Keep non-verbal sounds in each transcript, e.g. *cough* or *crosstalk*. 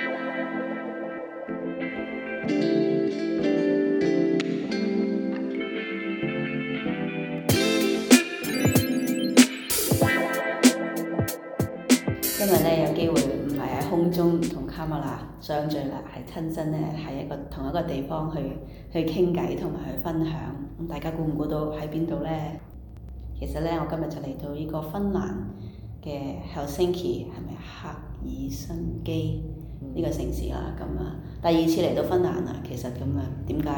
今日咧有機會唔係喺空中同卡麥拉相聚啦，係親身咧喺一個同一個地方去去傾偈同埋去分享。咁大家估唔估到喺邊度呢？其實咧，我今日就嚟到呢個芬蘭嘅 Helsinki，係咪？赫爾辛基。呢個城市啦，咁啊，第二次嚟到芬蘭啦，其實咁啊，點解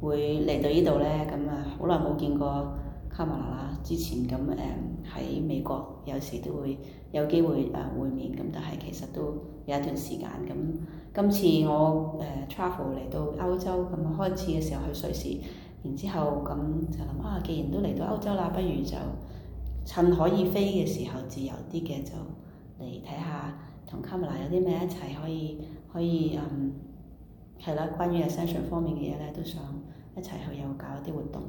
會嚟到呢度咧？咁啊，好耐冇見過卡麥拉啦，之前咁誒喺美國有時都會有機會誒、呃、會面，咁但係其實都有一段時間。咁今次我誒、呃、travel 嚟到歐洲，咁開始嘅時候去瑞士，然之後咁就諗啊，既然都嚟到歐洲啦，不如就趁可以飛嘅時候自由啲嘅就嚟睇下。同卡 a m 有啲咩一齊可以可以，嗯，係啦，關於 Ascension 方面嘅嘢咧，都想一齊去又搞一啲活動。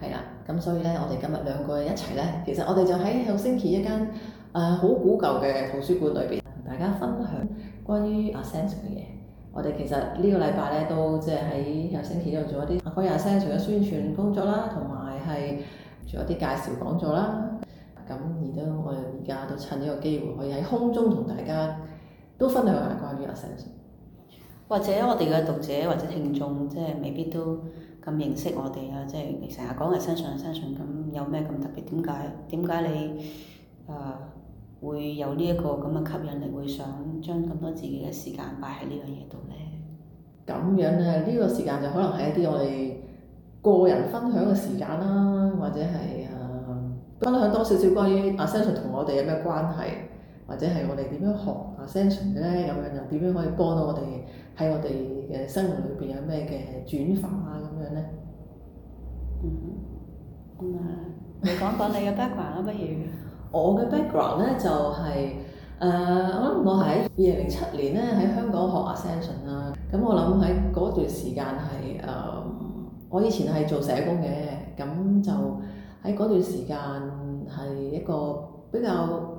係啦，咁所以咧，我哋今日兩個一齊咧，其實我哋就喺有星期一間誒好、呃、古舊嘅圖書館裏邊，同大家分享關於 Ascension 嘅嘢。我哋其實呢個禮拜咧都即係喺有升起度做一啲關於 Ascension 嘅宣傳工作啦，同埋係做一啲介紹講座啦。咁而都，我哋而家都趁呢個機會可以喺空中同大家都分享下，啊、關於阿神 s i 阿 Sir，或者我哋嘅讀者或者聽眾，即係未必都咁認識我哋啊！即係成日講阿 Sir，阿 s i 阿 Sir，咁有咩咁特別點解？點解你誒，呃、會有呢一個咁嘅吸引力？會想將咁多自己嘅時間擺喺呢樣嘢度咧？咁樣咧，呢個時間就可能係一啲我哋個人分享嘅時間啦，嗯、或者係。分享多少少關於 Ascension 同我哋有咩關係，或者係我哋點樣學 Ascension 咧？咁樣又點樣可以幫到我哋喺我哋嘅生活裏邊有咩嘅轉化啊？咁樣咧，嗯，咁啊， *laughs* *laughs* 你講講你嘅 background 啦不如？我嘅 background 咧就係誒，我諗我喺二零零七年咧喺香港學 Ascension 啦。咁我諗喺嗰段時間係誒、呃，我以前係做社工嘅，咁就。喺嗰段時間係一個比較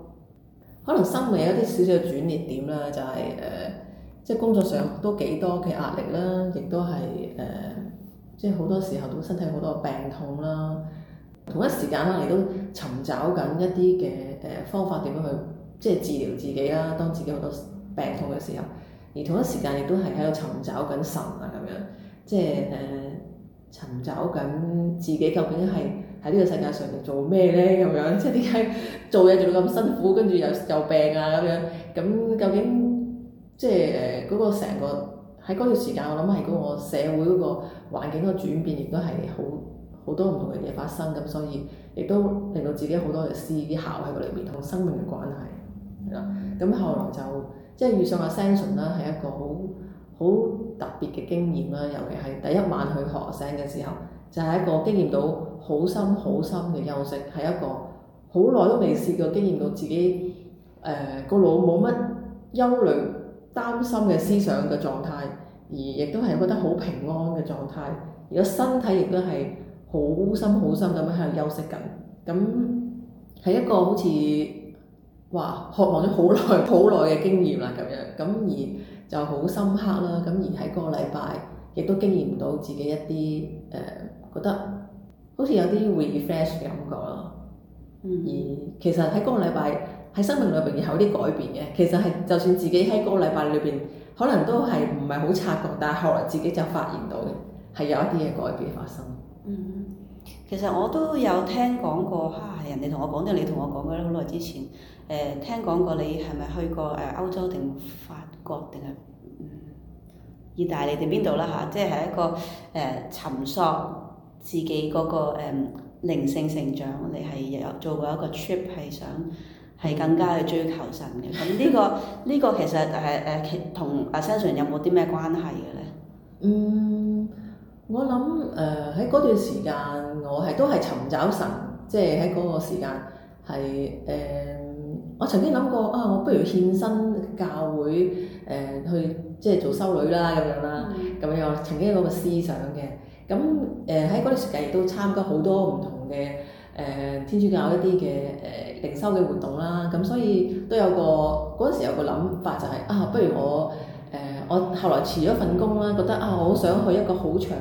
可能心裡有啲少少嘅轉捩點啦，就係、是、誒、呃，即係工作上都幾多嘅壓力啦，亦都係誒、呃，即係好多時候都身體好多病痛啦。同一時間啦，亦都尋找緊一啲嘅誒方法點樣去即係治療自己啦。當自己好多病痛嘅時候，而同一時間亦都係喺度尋找緊神啊，咁樣即係誒尋找緊自己究竟係。喺呢個世界上面做咩呢？咁樣？即係點解做嘢做到咁辛苦，跟住又又病啊咁樣？咁究竟即係誒嗰個成個喺嗰段時間，我諗係嗰個社會嗰個環境個轉變，亦都係好好多唔同嘅嘢發生咁，所以亦都令到自己好多嘅思啲考喺個裏面同生命嘅關係，咁、嗯、後來就即係遇上阿 s 聲 n 啦，係一個好好特別嘅經驗啦，尤其係第一晚去學聲嘅時候。就係一個經驗到好深好深嘅休息，係一個好耐都未試過經驗到自己誒個、呃、腦冇乜憂慮擔心嘅思想嘅狀態，而亦都係覺得好平安嘅狀態，而個身體亦都係好深好深咁樣喺度休息緊，咁係一個好似話渴望咗好耐好耐嘅經驗啦咁樣，咁而就好深刻啦，咁而喺個禮拜亦都經驗唔到自己一啲誒。呃覺得好似有啲 refresh 嘅感覺咯，嗯、而其實喺嗰個禮拜喺生命裏面有啲改變嘅。其實係就算自己喺嗰個禮拜裏邊，可能都係唔係好察覺，但係後來自己就發現到嘅係有一啲嘢改變發生。嗯，其實我都有聽講過嚇、啊，人哋同我講，定你同我講嘅好耐之前誒、呃、聽講過，過，你係咪去過誒歐洲定法國定係、嗯、意大利定邊度啦嚇？即係一個誒沉、呃、索。自己嗰、那個誒、um, 靈性成長，你係有做過一個 trip，係想係更加去追求神嘅。咁呢、 *laughs* 這個呢、這個其實誒誒同阿 s 星辰有冇啲咩關係嘅咧？嗯，我諗誒喺嗰段時間，我係都係尋找神，即係喺嗰個時間係、uh, 我曾經諗過啊，uh, 我不如獻身教會誒、uh, 去即係做修女啦咁樣啦，咁樣曾經有個思想嘅。咁誒喺嗰段時間亦都參加好多唔同嘅誒、呃、天主教一啲嘅誒靈修嘅活動啦，咁所以都有個嗰陣時有個諗法就係、是、啊，不如我誒、呃、我後來辭咗份工啦，覺得啊我好想去一個好長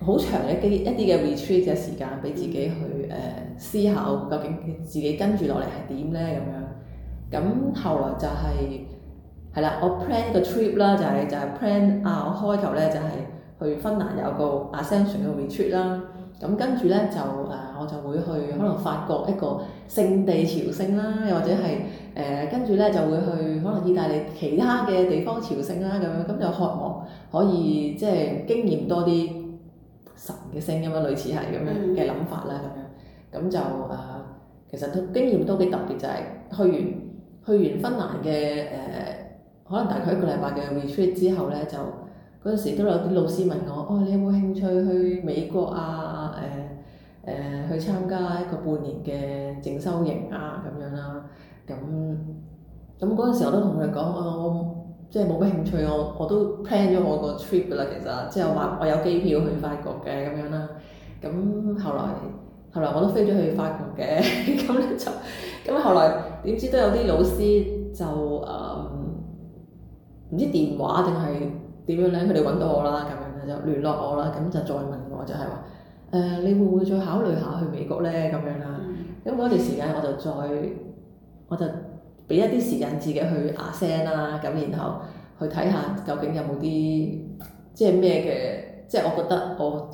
好長嘅一啲一啲嘅 retreat 嘅時間俾自己去誒、呃、思考究竟自己跟住落嚟係點咧咁樣。咁後來就係、是、係啦，我 plan 個 trip 啦、就是，就係就係 plan 啊，我開頭咧就係、是。去芬蘭有個 Ascension 嘅 retreat 啦，咁跟住咧就誒，我就會去可能法國一個聖地朝聖啦，又或者係誒跟住咧就會去可能意大利其他嘅地方朝聖啦，咁樣咁就渴望可以即係、就是、經驗多啲神嘅聲音咯，類似係咁樣嘅諗、嗯、法啦，咁樣咁就誒、呃，其實都經驗都幾特別，就係、是、去完去完芬蘭嘅誒、呃，可能大概一個禮拜嘅 retreat 之後咧就。嗰陣時都有啲老師問我：哦，你有冇興趣去美國啊？誒、呃、誒、呃，去參加一個半年嘅靜修營啊咁樣啦、啊。咁咁嗰陣時我都同佢講：我即係冇乜興趣，我我都 plan 咗我個 trip 噶啦。其實即係話我有機票去法國嘅咁樣啦、啊。咁後來後來我都飛咗去法國嘅，咁 *laughs* 咧就咁後來點知都有啲老師就誒唔、嗯、知電話定係？點樣咧？佢哋揾到我啦，咁樣就聯絡我啦。咁就再問我就，就係話誒，你會唔會再考慮下去美國咧？咁樣啦。咁嗰、嗯、段時間我就再我就俾一啲時間自己去壓聲啦。咁然後去睇下究竟有冇啲即係咩嘅，即係我覺得我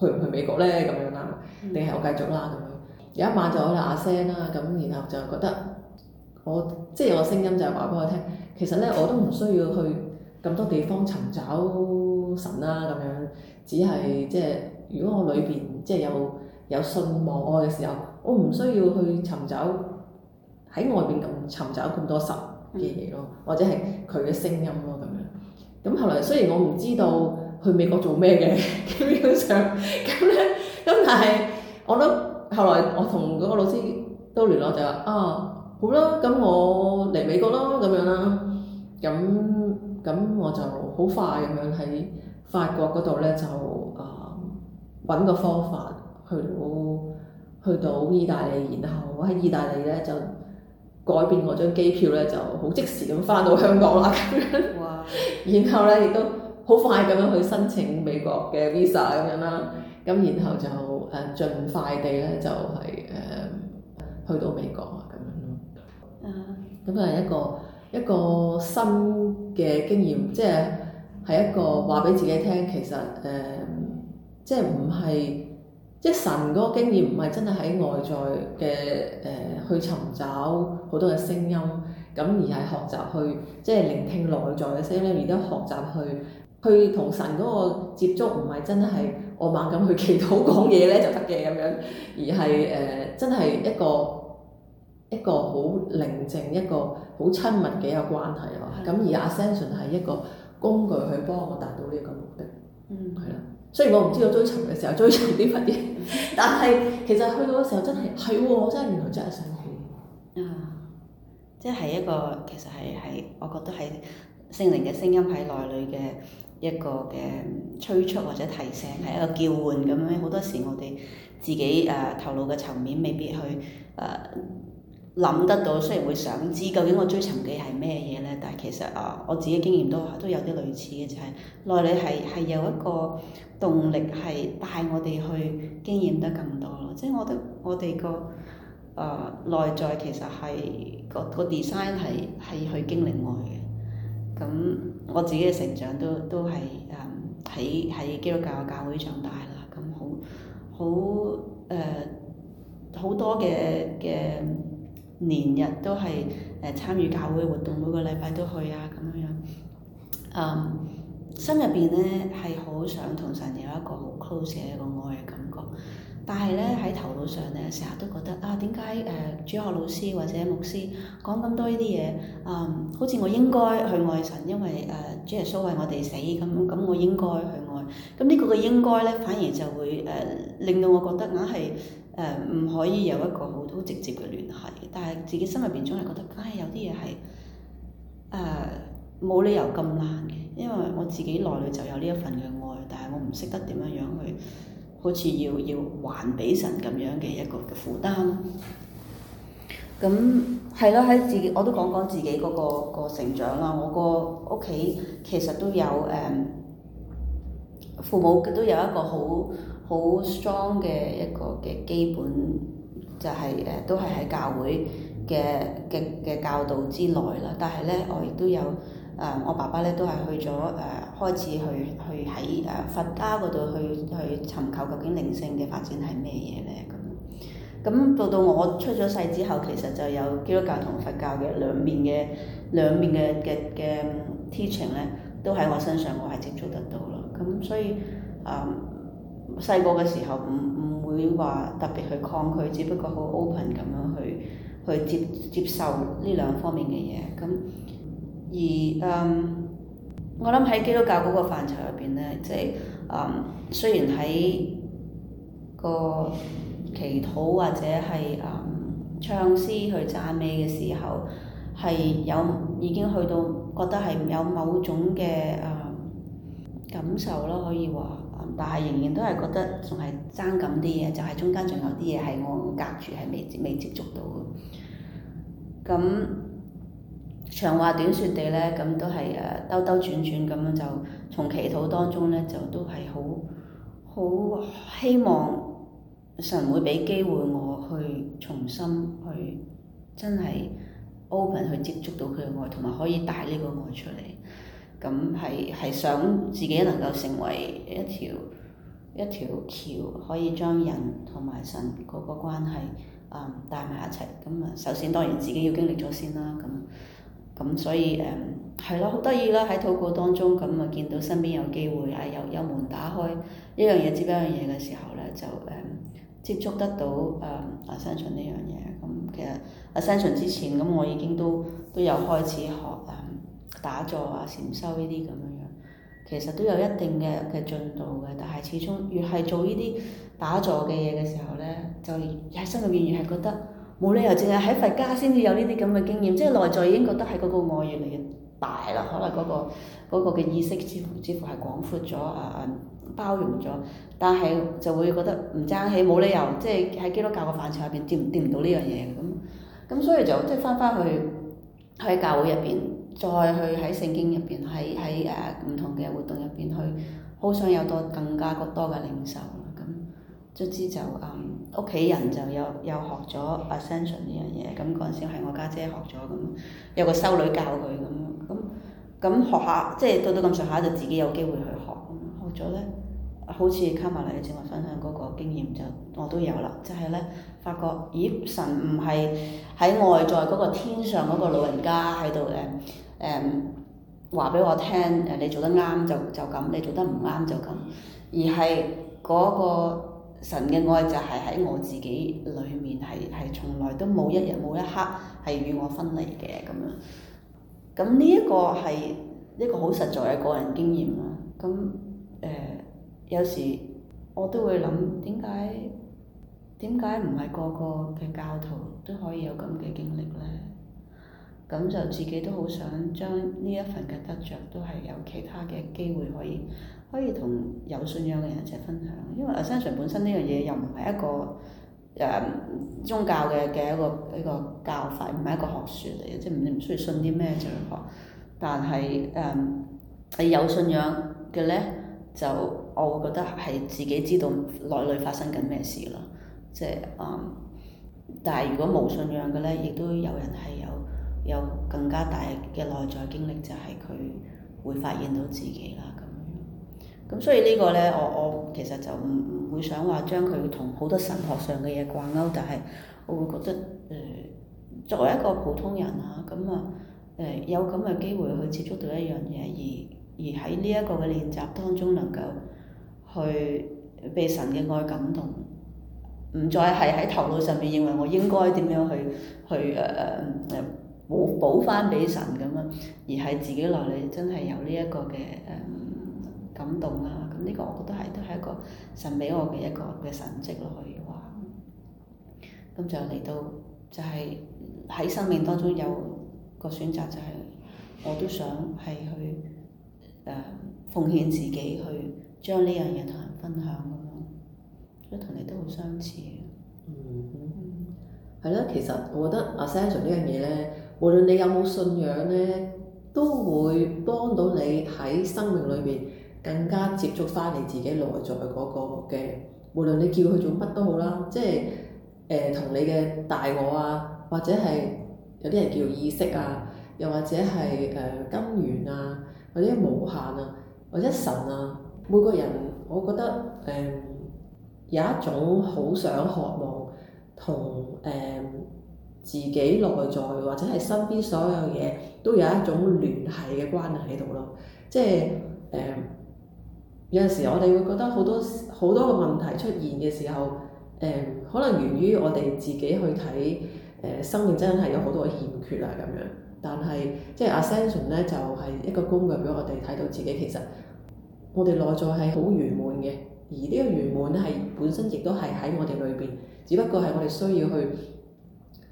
去唔去美國咧？咁樣啦，定係、嗯、我繼續啦？咁樣有一晚就我哋壓聲啦。咁然後就覺得我即係我聲音就係話俾我聽，其實咧我都唔需要去。咁多地方尋找神啦、啊，咁樣只係即係，如果我裏邊即係有有信望愛嘅時候，我唔需要去尋找喺外邊咁尋找咁多神嘅嘢咯，或者係佢嘅聲音咯咁樣。咁後來雖然我唔知道去美國做咩嘅，基本上，咁咧咁但係我都後來我同嗰個老師都聯絡就話啊，好咯，咁我嚟美國咯咁樣啦，咁。咁我就好快咁樣喺法國嗰度咧就誒揾、嗯、個方法去到去到意大利，然後我喺意大利咧就改變我張機票咧就好即時咁返到香港啦咁樣。 *laughs* Wow. 然後咧亦都好快咁樣去申請美國嘅 Visa 咁樣啦。咁然後就誒、嗯、盡快地咧就係、是、誒、嗯、去到美國咁樣咯。啊、uh！咁、huh. 就係一個。一個新嘅經驗，即係係一個話俾自己聽，其實誒、呃，即係唔係即係神嗰個經驗，唔係真係喺外在嘅誒、呃、去尋找好多嘅聲音，咁而係學習去即係聆聽內在嘅聲音，而都學習去學習去同神嗰個接觸，唔係真係我猛咁去祈禱講嘢咧就得嘅咁樣，而係誒、呃、真係一個。一個好寧靜、一個好親密嘅一個關係咯，咁而 Ascension 係一個工具去幫我達到呢一個目的，嗯，係啦。雖然我唔知道追尋嘅時候追尋啲乜嘢，但係其實去到嘅時候真係係喎，我真係原來真係想去，啊，即係一個其實係係，我覺得係星靈嘅聲音喺內裏嘅一個嘅催促或者提醒，係，嗯，一個叫喚咁樣。好多時我哋自己誒頭腦嘅層面未必去誒。呃諗得到，雖然會想知究竟我追尋嘅係咩嘢咧，但係其實啊，我自己經驗都都有啲類似嘅，就係內裏係係有一個動力係帶我哋去經驗得更多咯。即係我覺得我哋個誒內在其實係個個 design 係係去經歷外嘅。咁我自己嘅成長都都係誒喺喺基督教教會教會長大啦。咁好好誒好多嘅嘅。年日都係誒參與教會活動，每個禮拜都去啊咁樣樣。嗯、心入邊咧係好想同神有一個好 close 嘅一個愛嘅感覺，但係咧喺頭腦上咧成日都覺得啊點解誒主學老師或者牧師講咁多呢啲嘢啊？好似我應該去愛神，因為誒、呃、主耶穌為我哋死，咁咁我應該去愛。咁呢個嘅應該咧反而就會誒、呃、令到我覺得硬係。唔、uh, 可以有一個好好直接嘅聯繫，但係自己心入邊總係覺得，唉、哎，有啲嘢係冇理由咁難嘅，因為我自己內裏就有呢一份嘅愛，但係我唔識得點樣樣去，好似要要還畀神咁樣嘅一個嘅負擔。咁係咯，喺自己我都講講自己嗰、那個成長啦，我個屋企其實都有誒。Um, 父母都有一個好好 strong 嘅一個嘅基本，就係、是、誒都係喺教會嘅嘅嘅教導之內啦。但係咧，我亦都有誒、呃、我爸爸咧都係去咗誒、啊、開始去去喺誒佛家度去去尋求究竟靈性嘅發展係咩嘢咧咁。咁、嗯嗯、到到我出咗世之後其實就有基督教同佛教嘅兩面嘅兩面嘅嘅嘅 teaching 咧，都喺我身上我係接觸得到咯。咁、嗯、所以啊細個嘅時候唔唔會話特別去抗拒，只不過好 open 咁樣去去接接受呢兩方面嘅嘢。咁、嗯、而嗯，我諗喺基督教嗰個範疇入邊咧，即係啊，雖然喺個祈禱或者係啊、嗯、唱詩去讚美嘅時候，係有已經去到覺得係有某種嘅啊。嗯感受咯，可以話，但係仍然都係覺得仲係爭咁啲嘢，就係、是、中間仲有啲嘢係我隔住係未未接觸到嘅。咁長話短說地咧，咁都係誒、啊、兜兜轉轉，咁樣就從祈禱當中咧，就都係好好希望神會俾機會我去重新去真係 open 去接觸到佢嘅愛，同埋可以帶呢個愛出嚟。咁係係想自己能夠成為一條一條橋，可以將人同埋神嗰個關係啊、嗯、帶埋一齊。咁、嗯、啊，首先當然自己要經歷咗先啦。咁、嗯、咁、嗯、所以誒係咯，好得意啦！喺禱告當中咁啊、嗯，見到身邊有機會啊，有有門打開一樣嘢接一樣嘢嘅時候咧，就誒、嗯、接觸得到誒阿 Samson 呢樣嘢。咁、嗯嗯、其實阿 Samson 之前咁、嗯，我已經都都有開始學啦。打坐啊、禪修呢啲咁樣樣，其實都有一定嘅嘅進度嘅。但係始終越係做呢啲打坐嘅嘢嘅時候咧，就喺心裏面越係覺得冇理由，淨係喺佛家先至有呢啲咁嘅經驗，即係內在已經覺得係嗰個愛越嚟越大啦。可能嗰個嗰個嘅意識似乎似乎係廣闊咗啊，包容咗。但係就會覺得唔爭氣，冇理由即係喺基督教嘅範疇入邊掂掂唔到呢樣嘢咁。咁所以就即係翻返去去喺教會入邊。再去喺聖經入邊，喺喺誒唔同嘅活動入邊去，好想有多更加更多嘅領受咁。卒、嗯、之就誒屋企人就有有學咗 Ascension 呢樣嘢，咁嗰陣時係我家姐、姐學咗咁、嗯，有個修女教佢咁，咁、嗯、咁、嗯嗯嗯、學下，即係到到咁上下就自己有機會去學咁、嗯，學咗咧。好似卡馬尼正話分享嗰個經驗就我都有啦，即係咧，發覺咦，神唔係喺外在嗰個天上嗰個老人家喺度，誒誒話俾我聽，誒你做得啱就就咁，你做得唔啱就咁，而係嗰個神嘅愛就係喺我自己裡面，係係從來都冇一日冇、嗯、一刻係與我分離嘅咁樣。咁呢一個係一、個好實在嘅個人經驗啦。咁誒。呃有時我都會諗點解點解唔係個個嘅教徒都可以有咁嘅經歷咧？咁就自己都好想將呢一份嘅得著，都係有其他嘅機會可以可以同有信仰嘅人一齊分享。因為阿山長本身呢樣嘢又唔係一個誒宗教嘅嘅一個一個教法，唔係一個學術嚟嘅，即係唔唔需要信啲咩就學。但係誒係有信仰嘅咧，就～我會覺得係自己知道內裏發生緊咩事咯，即係啊、嗯！但係如果冇信仰嘅咧，亦都有人係有有更加大嘅內在經歷，就係、是、佢會發現到自己啦咁樣。咁所以個呢個咧，我我其實就唔唔會想話將佢同好多神學上嘅嘢掛鈎，但係我會覺得誒、呃，作為一個普通人啊，咁啊誒有咁嘅機會去接觸到一樣嘢，而而喺呢一個嘅練習當中能夠。去被神嘅愛感動，唔再係喺頭腦上面認為我應該點樣去去誒誒、呃、補補翻俾神咁啊，而係自己內裏真係有呢一個嘅誒、呃、感動啦。咁呢個我覺得係都係一個神俾我嘅一個嘅神跡咯，可以話。咁就嚟到就係、是、喺生命當中有個選擇，就係、是、我都想係去誒、呃、奉獻自己去。將呢樣嘢同人分享咁樣，所以同你都好相似。 *noise* 嗯、係、嗯、咯。其實我覺得阿 Samson 呢樣嘢咧，無論你有冇信仰咧，都會幫到你喺生命裏邊更加接觸翻你自己內在嗰個嘅。無論你叫佢做乜都好啦，即係誒同你嘅大我啊，或者係有啲人叫意識啊，又或者係誒根源啊，或、呃、者無限啊，或者神啊。每個人，我覺得誒、嗯、有一種好想渴望同誒、嗯、自己內在或者係身邊所有嘢都有一種聯繫嘅關係喺度咯。即係誒、嗯、有陣時我哋會覺得好多好多嘅問題出現嘅時候，誒、嗯、可能源於我哋自己去睇誒、呃、生命真係有好多嘅欠缺啊咁樣。但係即係 Ascension 咧就係、是、一個工具，俾我哋睇到自己其實。我哋內在係好圓滿嘅，而呢個圓滿咧係本身亦都係喺我哋裏邊，只不過係我哋需要去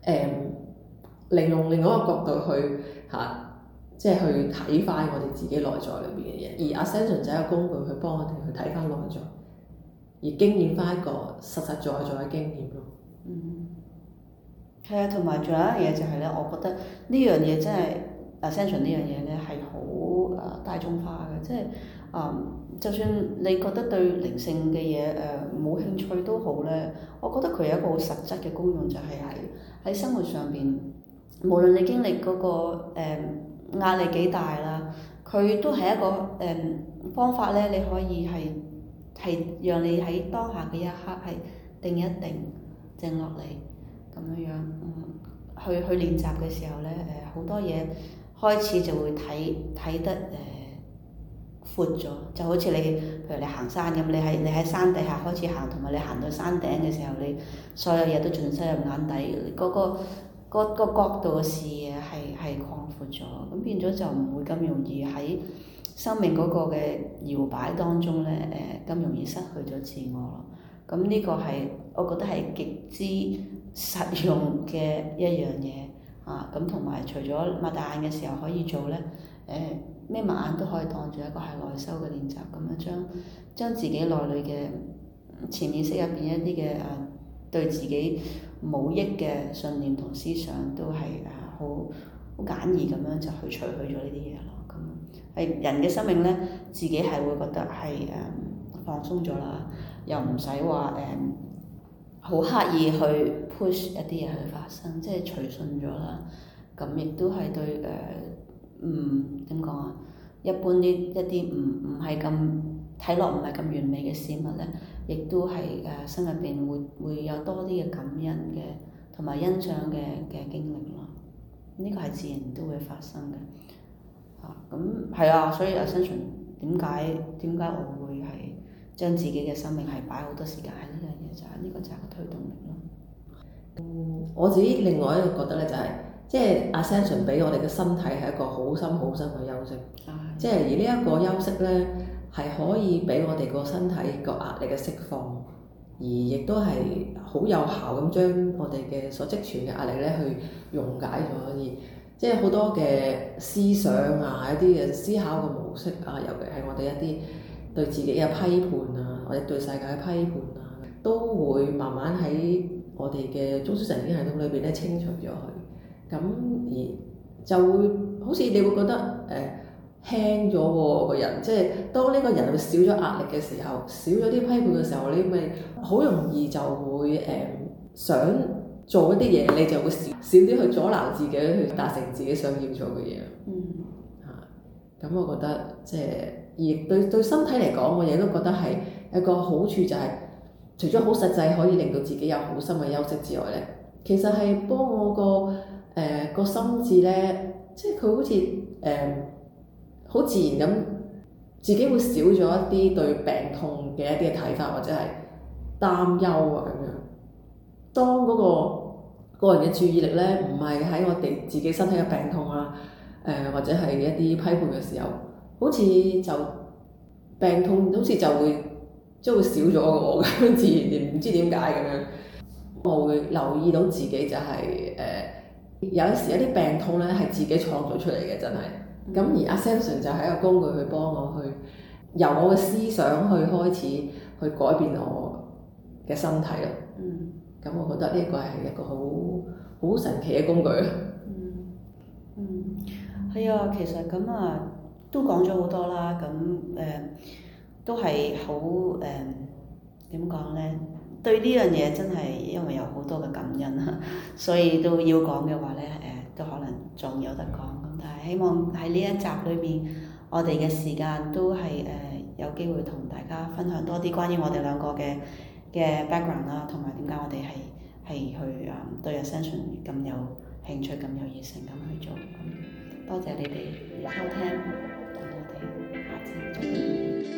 誒利、呃、用另外一個角度去嚇、啊，即係去睇翻我哋自己內在裏邊嘅嘢，而 Ascension 就係一個工具去幫我哋去睇翻內在，而經驗翻一個實實在在嘅經驗咯、嗯。嗯，係啊，同埋仲有一樣嘢就係、是、咧，我覺得呢樣嘢真係。嗯誒 Ascension 呢樣嘢咧係好誒大眾化嘅，即係誒，就算你覺得對靈性嘅嘢誒冇興趣都好咧，我覺得佢有一個好實質嘅功用，就係喺喺生活上邊，無論你經歷嗰、那個誒、呃、壓力幾大啦，佢都係一個誒、呃、方法咧，你可以係係讓你喺當下嘅一刻係定一定靜落嚟咁樣樣，嗯、去去練習嘅時候咧誒好多嘢。開始就會睇睇得誒呃闊咗，就好似你，譬如你行山咁，你喺你喺山底下開始行，同埋你行到山頂嘅時候，你所有嘢都盡收入眼底，嗰個嗰個嗰個角度嘅視野係係擴闊咗，咁變咗就唔會咁容易喺生命嗰個嘅搖擺當中咧誒咁容易失去咗自我咯。咁呢個係我覺得係極之實用嘅一樣嘢。啊，咁同埋除咗擘大眼嘅時候可以做咧，誒咩擘眼都可以當做一個係內修嘅練習，咁樣將將自己內裡嘅潛意識入邊一啲嘅誒對自己冇益嘅信念同思想都係誒好好簡易咁樣就去除去咗呢啲嘢咯。咁係人嘅生命咧，自己係會覺得係誒、嗯、放鬆咗啦，又唔使話誒。嗯好刻意去 push 一啲嘢去發生，即係隨順咗啦。咁亦都係對誒、呃、嗯點講啊？一般啲一啲唔唔係咁睇落唔係咁完美嘅事物咧，亦都係誒心入邊會會有多啲嘅感恩嘅同埋欣賞嘅嘅經歷咯。呢個係自然都會發生嘅。嚇、啊，咁係啊，所以阿生存點解點解我會係將自己嘅生命係擺好多時間喺呢樣嘢？就係呢個，就係個推動力咯。我自己另外一個覺得咧，就係、係、即係 Ascension 俾我哋嘅身體係一個好深好深嘅休息。啊！即係而呢一個休息咧，係可以俾我哋個身體個壓力嘅釋放，而亦都係好有效咁將我哋嘅所積存嘅壓力咧去溶解咗。可以，即係好多嘅思想啊，一啲嘅思考嘅模式啊，尤其係我哋一啲對自己嘅批判啊，或者對世界嘅批判、啊。都會慢慢喺我哋嘅中樞神經系統裏邊，咧清除咗佢。咁而就會好似你會覺得誒輕咗喎個人。即係當呢個人會少咗壓力嘅時候，少咗啲批判嘅時候，嗯、你咪好容易就會誒、呃、想做一啲嘢，你就會少少啲去阻撓自己去達成自己想要做嘅嘢。嗯，嚇、啊，咁我覺得即係而對對，對身體嚟講，我亦都覺得係一個好處就係、是。除咗好實際可以令到自己有好深嘅休息之外呢，其實係幫我個、誒、呃、個心智呢，即係佢好似誒好自然咁，自己會少咗一啲對病痛嘅一啲嘅睇法或者係擔憂啊咁樣。當嗰個個人嘅注意力呢，唔係喺我哋自己身體嘅病痛啊，誒、呃、或者係一啲批判嘅時候，好似就病痛好似就會。即會少咗我咁樣，自然唔知點解咁樣。我會留意到自己就係、是、誒、呃，有時一啲病痛咧係自己創造出嚟嘅，真係。咁而 Ascension 就係一個工具去幫我去由我嘅思想去開始去改變我嘅身體咯。嗯。咁我覺得呢一個係一個好好神奇嘅工具。嗯。嗯。係啊，其實咁啊都講咗好多啦。咁誒。呃都係好誒點講呢？對呢樣嘢真係因為有好多嘅感恩，所以都要講嘅話呢，誒、呃，都可能仲有得講。咁但係希望喺呢一集裏面，我哋嘅時間都係誒、呃、有機會同大家分享多啲關於我哋兩個嘅嘅 background 啦，同埋點解我哋係係去對 Ascension 咁有興趣、咁有熱誠咁去做。咁、嗯、多謝你哋收聽，我哋下次再見。